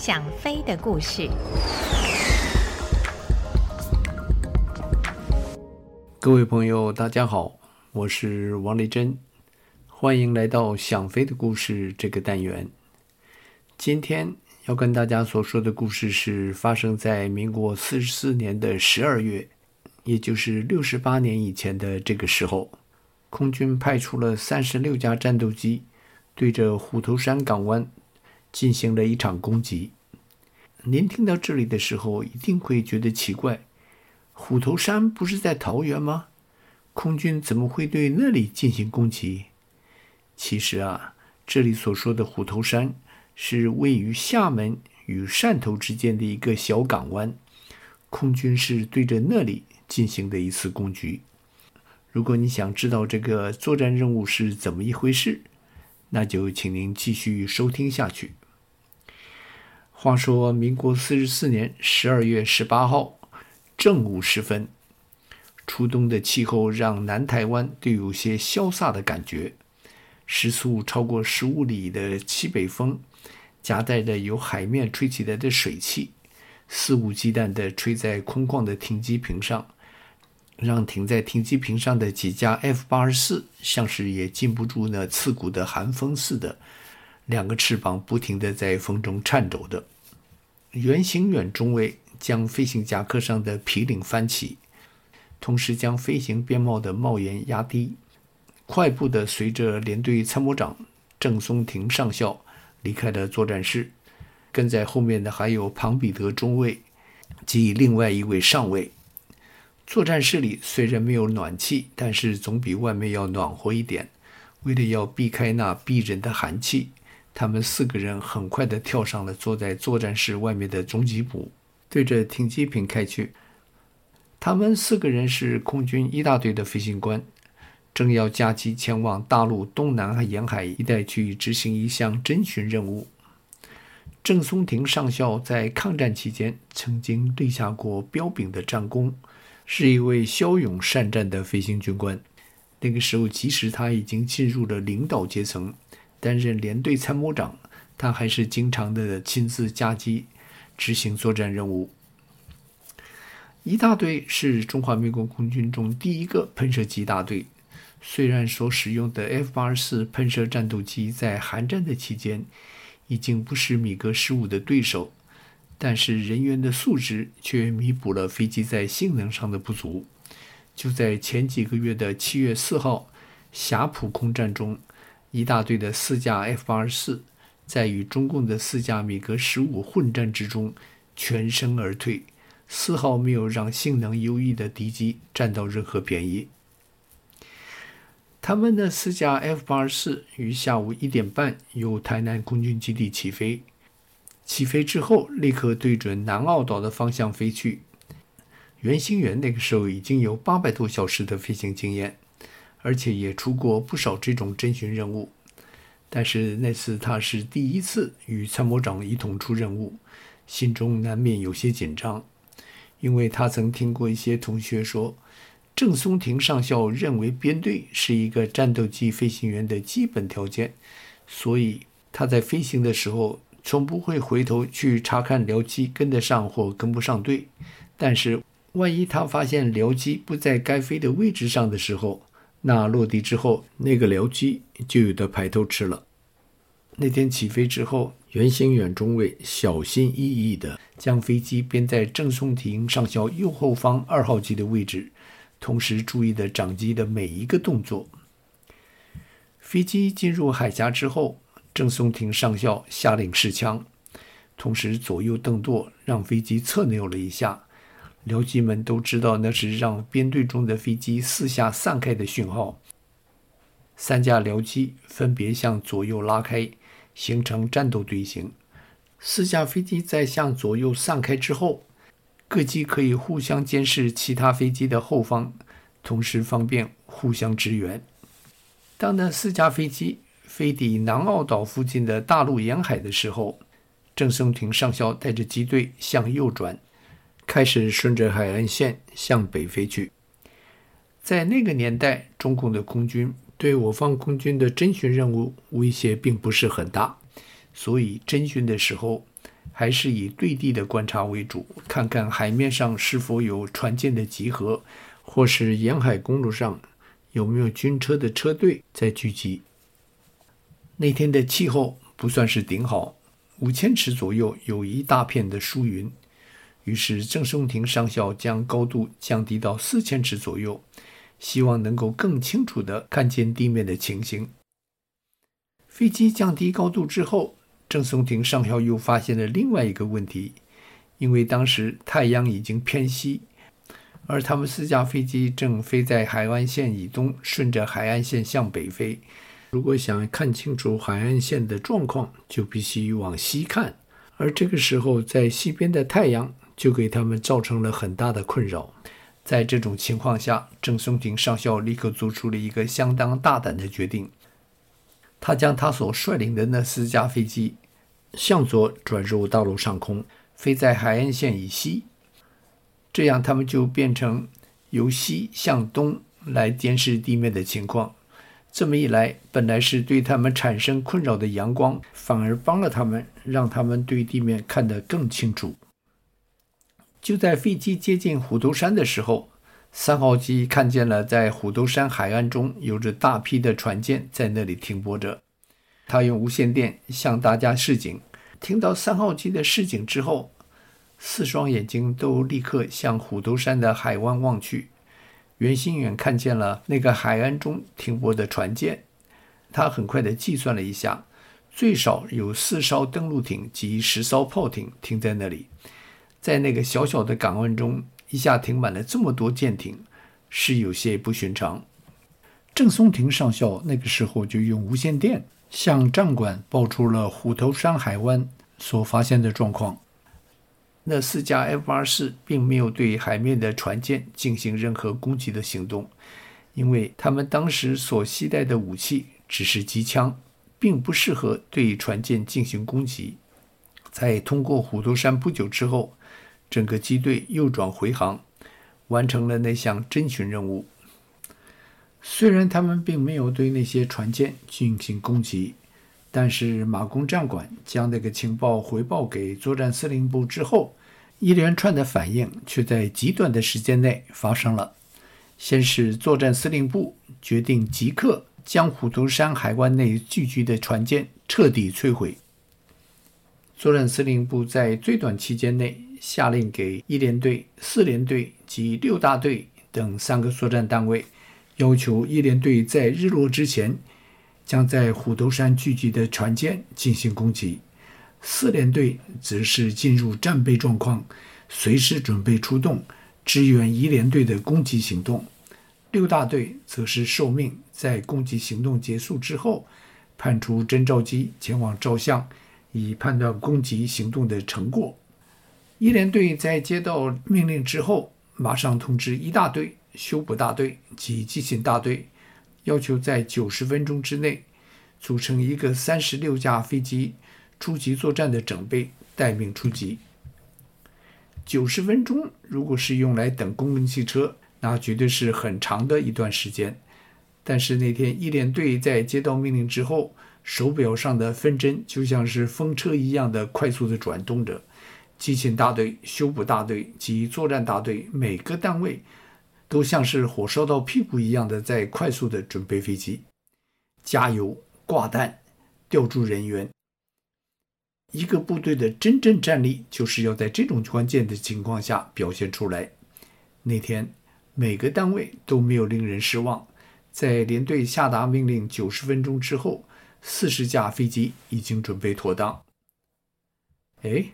想飛的故事。各位朋友，大家好，我是王麗珍，歡迎來到想飛的故事這個單元。今天要跟大家所說的故事是發生在民國四十四年的十二月，也就是六十八年以前的這個時候，空軍派出了三十六架戰鬥機，對着虎頭山港灣。進行了一場攻擊。您聽到這裡的時候，一定會覺得奇怪：虎頭山不是在桃園嗎？空軍怎麼會對那裡進行攻擊？其實啊，這裡所說的虎頭山，是位於廈門與汕頭之間的一個小港灣。空軍是對着那裡進行的一次攻擊。如果你想知道這個作戰任務是怎麼一回事，那就請您繼續收聽下去。話說，民國四十四年十二月十八號正午時分，初冬的氣候讓南台灣都有些蕭瑟的感覺。時速超過十五里的西北風，夾帶着由海面吹起來的水汽，肆無忌憚地吹在空曠的停機坪上，讓停在停機坪上的幾架 F 八十四像是也禁不住那刺骨的寒風似的，兩個翅膀不停地在風中顫抖的。原型遠中尉將飛行夾克上的皮領翻起，同時將飛行便帽的帽檐壓低，快步地隨着聯隊參謀長鄭松廷上校離開了作戰室，跟在後面的還有龐彼得中尉及另外一位上尉。作戰室裡雖然沒有暖氣，但是總比外面要暖和一點，為了要避開那逼人的寒氣。他們四個人很快地跳上了坐在作戰室外面的中吉普，對着停機坪開去。他們四個人是空軍一大隊的飛行官，正要駕機前往大陸東南沿海一帶去執行一項偵巡任務。鄭松亭上校在抗戰期間曾經立下過彪炳的戰功，是一位驍勇善戰的飛行軍官。那個時候，即使他已經進入了領導階層。擔任連隊參謀長，他還是經常的親自駕機執行作戰任務。一大隊是中華民國空軍中第一個噴射機大隊，雖然所使用的 F 八十四噴射戰鬥機在韓戰的期間已經不是米格十五的對手，但是人員的素質卻彌補了飛機在性能上的不足。就在前幾個月的七月四號，霞浦空戰中，一大隊的四架 F-84 在與中共的四架米格十五混戰之中全身而退，絲毫沒有讓性能優異的敵機占到任何便宜。他們的四架 F-84 於下午一點半由台南空軍基地起飛，起飛之後立刻對準南澳島的方向飛去。袁星元那個時候已經有八百多小時的飛行經驗。而且也出過不少這種偵巡任務，但是那次他是第一次與參謀長一同出任務，心中難免有些緊張，因為他曾聽過一些同學說，鄭松庭上校認為編隊是一個戰鬥機飛行員的基本條件，所以他在飛行的時候從不會回頭去查看僚機跟得上或跟不上隊，但是萬一他發現僚機不在該飛的位置上的時候，那落地之後，那個僚機就有的排頭吃了。那天起飛之後，袁興遠中尉小心翼翼地將飛機編在鄭松亭上校右後方二號機的位置，同時注意着長機的每一個動作。飛機進入海峽之後，鄭松亭上校下令試槍，同時左右蹬舵，讓飛機側扭了一下。僚機們都知道，那是讓編隊中的飛機四下散開的訊號。三架僚機分別向左右拉開，形成戰鬥隊形。四架飛機在向左右散開之後，各機可以互相監視其他飛機的後方，同時方便互相支援。當那四架飛機飛抵南澳島附近的大陸沿海的時候，鄭松廷上校帶着機隊向右轉。開始順着海岸線向北飛去。在那個年代，中共的空軍對我方空軍的偵巡任務威脅並不是很大，所以偵巡的時候還是以對地的觀察為主，看看海面上是否有船艦的集合，或是沿海公路上有沒有軍車的車隊在聚集。那天的氣候不算是頂好，五千尺左右有一大片的疏雲。於是，鄭松亭上校將高度降低到四千尺左右，希望能夠更清楚地看見地面的情形。飛機降低高度之後，鄭松亭上校又發現了另外一個問題，因為當時太陽已經偏西，而他們四架飛機正飛在海岸線以東，順着海岸線向北飛。如果想看清楚海岸線的狀況，就必須往西看，而這個時候在西邊的太陽。就給他們造成了很大的困擾。在這種情況下，鄭松廷上校立刻做出了一個相當大膽的決定。他將他所率領的那四架飛機向左轉入大陸上空，飛在海岸線以西。這樣，他們就變成由西向東來監視地面的情況。這麼一來，本來是對他們產生困擾的陽光，反而幫了他們，讓他們對地面看得更清楚。就在飛機接近虎頭山的時候，三號機看見了在虎頭山海岸中有着大批的船艦在那裡停泊着。他用無線電向大家示警。聽到三號機的示警之後，四雙眼睛都立刻向虎頭山的海灣望去。袁心遠看見了那個海岸中停泊的船艦，他很快地計算了一下，最少有四艘登陸艇及十艘炮艇停在那裡。在那個小小的港灣中，一下停滿了這麼多艦艇，是有些不尋常。鄭松亭上校那個時候就用無線電向戰管報出了虎頭山海灣所發現的狀況。那四架 F 八四並沒有對海面的船艦進行任何攻擊的行動，因為他們當時所攜帶的武器只是機槍，並不適合對船艦進行攻擊。在通過虎頭山不久之後，整個機隊右轉回航，完成了那項偵巡任務。雖然他們並沒有對那些船艦進行攻擊，但是馬公戰管將那個情報回報給作戰司令部之後，一連串的反應卻在極短的時間內發生了。先是作戰司令部決定即刻將虎頭山海灣內聚集的船艦徹底摧毀。作戰司令部在最短期間內。下令給一聯隊、四聯隊及六大隊等三個作戰單位，要求一聯隊在日落之前，將在虎頭山聚集的船艦進行攻擊；四聯隊則是進入戰備狀況，隨時準備出動支援一聯隊的攻擊行動；六大隊則是受命在攻擊行動結束之後，派出偵察機前往照相，以判斷攻擊行動的成果。一聯隊在接到命令之後，馬上通知一大隊、修補大隊及機勤大隊，要求在九十分鐘之內組成一個三十六架飛機出擊作戰的整備待命出擊。九十分鐘如果是用來等公共汽車，那絕對是很長的一段時間。但是那天一聯隊在接到命令之後，手錶上的分針就像是風車一樣的快速地轉動着。機勤大隊、修補大隊及作戰大隊，每個單位都像是火燒到屁股一樣的在快速的準備飛機、加油、掛彈、調住人員。一個部隊的真正戰力，就是要在這種關鍵的情況下表現出來。那天，每個單位都沒有令人失望。在聯隊下達命令90分鐘之後，40架飛機已經準備妥當。誒。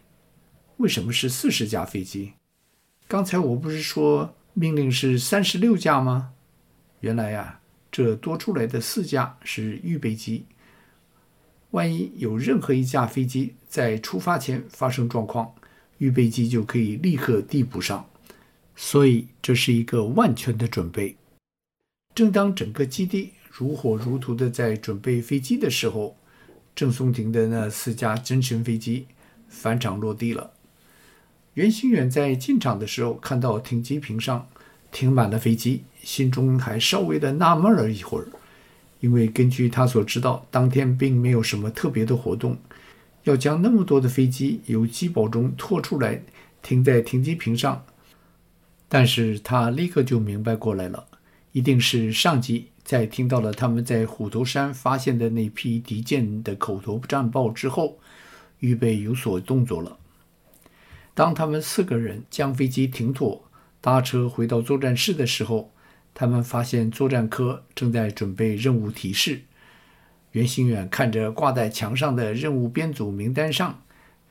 為什麼是四十架飛機？剛才我不是說命令是三十六架嗎？原來啊，這多出來的四架是預備機。萬一有任何一架飛機在出發前發生狀況，預備機就可以立刻遞補上。所以這是一個萬全的準備。正當整個基地如火如荼的在準備飛機的時候，鄭松亭的那四架真神飛機返場落地了。袁心遠在進場的時候，看到停機坪上停滿了飛機，心中還稍微的納悶了一會兒，因為根據他所知道，當天並沒有什麼特別的活動，要將那麼多的飛機由機堡中拖出來停在停機坪上。但是他立刻就明白過來了，一定是上級在聽到了他們在虎頭山發現的那批敵艦的口頭戰報之後，預備有所動作了。當他們四個人將飛機停妥，搭車回到作戰室的時候，他們發現作戰科正在準備任務提示。袁心遠看着掛在牆上的任務編組名單上，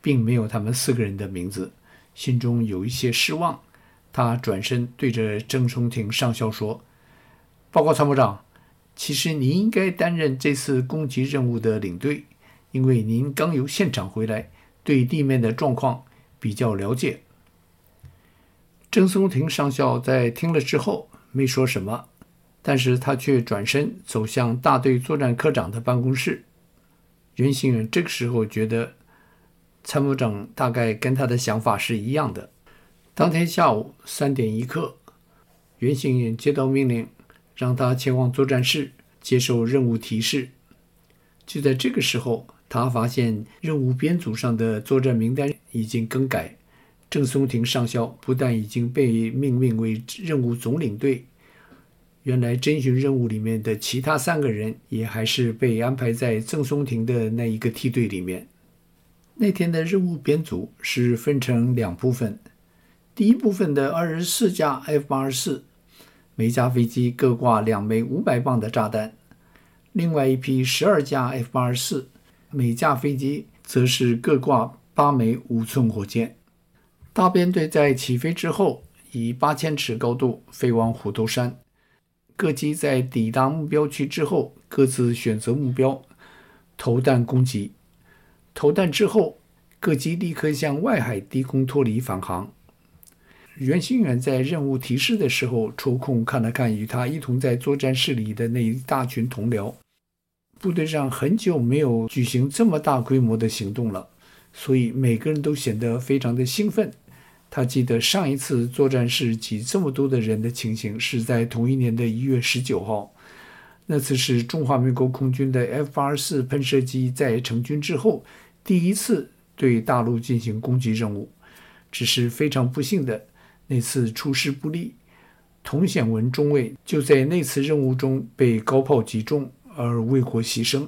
並沒有他們四個人的名字，心中有一些失望。他轉身對着鄭松亭上校說：“報告參謀長，其實您應該擔任這次攻擊任務的領隊，因為您剛由現場回來，對地面的狀況。”比較了解。鄭松亭上校在聽了之後沒說什麼，但是他卻轉身走向大隊作戰科長的辦公室。袁行遠這個時候覺得參謀長大概跟他的想法是一樣的。當天下午三點一刻，袁行遠接到命令，讓他前往作戰室接受任務提示。就在這個時候，他發現任務編組上的作戰名單已經更改，鄭松亭上校不但已經被命名為任務總領隊，原來偵巡任務裡面的其他三個人也還是被安排在鄭松亭的那一個梯隊裡面。那天的任務編組是分成兩部分，第一部分的二十四架 F 八十四，每架飛機各掛兩枚五百磅的炸彈；另外一批十二架 F 八十四，每架飛機則是各掛。八枚五寸火箭，大編隊在起飛之後，以八千尺高度飛往虎頭山。各機在抵達目標區之後，各自選擇目標，投彈攻擊。投彈之後，各機立刻向外海低空脫離返航。袁心遠在任務提示的時候，抽空看了看與他一同在作戰室裡的那一大群同僚。部隊上很久沒有舉行這麼大規模的行動了。所以每個人都顯得非常的興奮。他記得上一次作戰時擠這麼多的人的情形，是在同一年的一月十九號。那次是中華民國空軍的 F 八四噴射機在成軍之後第一次對大陸進行攻擊任務，只是非常不幸的，那次出師不利。童顯文中尉就在那次任務中被高炮擊中而為國犧牲。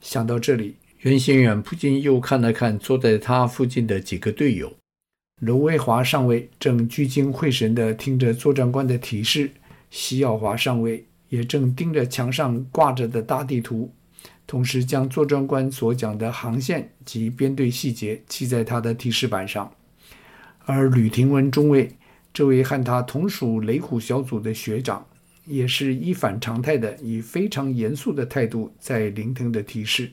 想到這裡，袁先遠不禁又看了看坐在他附近的幾個隊友，盧威華上尉正聚精會神地聽着作戰官的提示，徐耀華上尉也正盯着牆上掛着的大地圖，同時將作戰官所講的航線及編隊細節記在他的提示板上。而呂廷文中尉，這位和他同屬雷虎小組的學長，也是一反常態的以非常嚴肅的態度在聆聽的提示。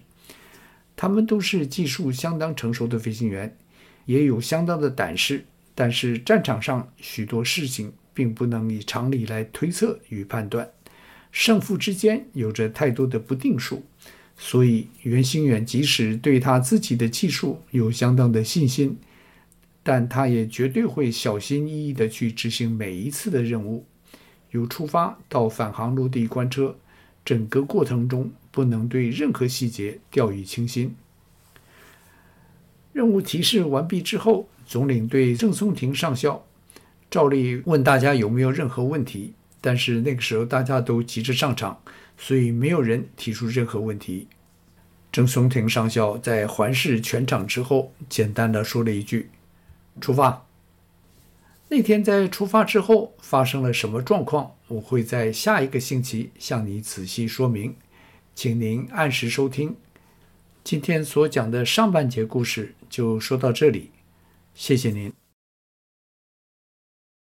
他們都是技術相當成熟的飛行員，也有相當的膽識。但是戰場上許多事情並不能以常理來推測與判斷，勝負之間有着太多的不定數。所以袁心遠即使對他自己的技術有相當的信心，但他也絕對會小心翼翼地去執行每一次的任務。由出發到返航落地關車，整個過程中，不能對任何細節掉以輕心。任務提示完畢之後，總領隊鄭松庭上校照例問大家有沒有任何問題，但是那個時候大家都急着上場，所以沒有人提出任何問題。鄭松庭上校在環視全場之後，簡單的說了一句：“出發。”那天在出發之後發生了什麼狀況，我會在下一個星期向你仔細說明。請您按時收聽，今天所講的上半節故事就說到這裡，謝謝您。